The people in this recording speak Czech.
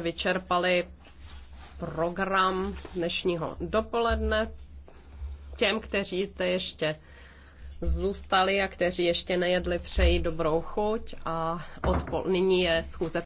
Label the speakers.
Speaker 1: vyčerpali program dnešního dopoledne. Těm, kteří zde ještě zůstali a kteří ještě nejedli, přeji dobrou chuť a odpol- nyní je schůze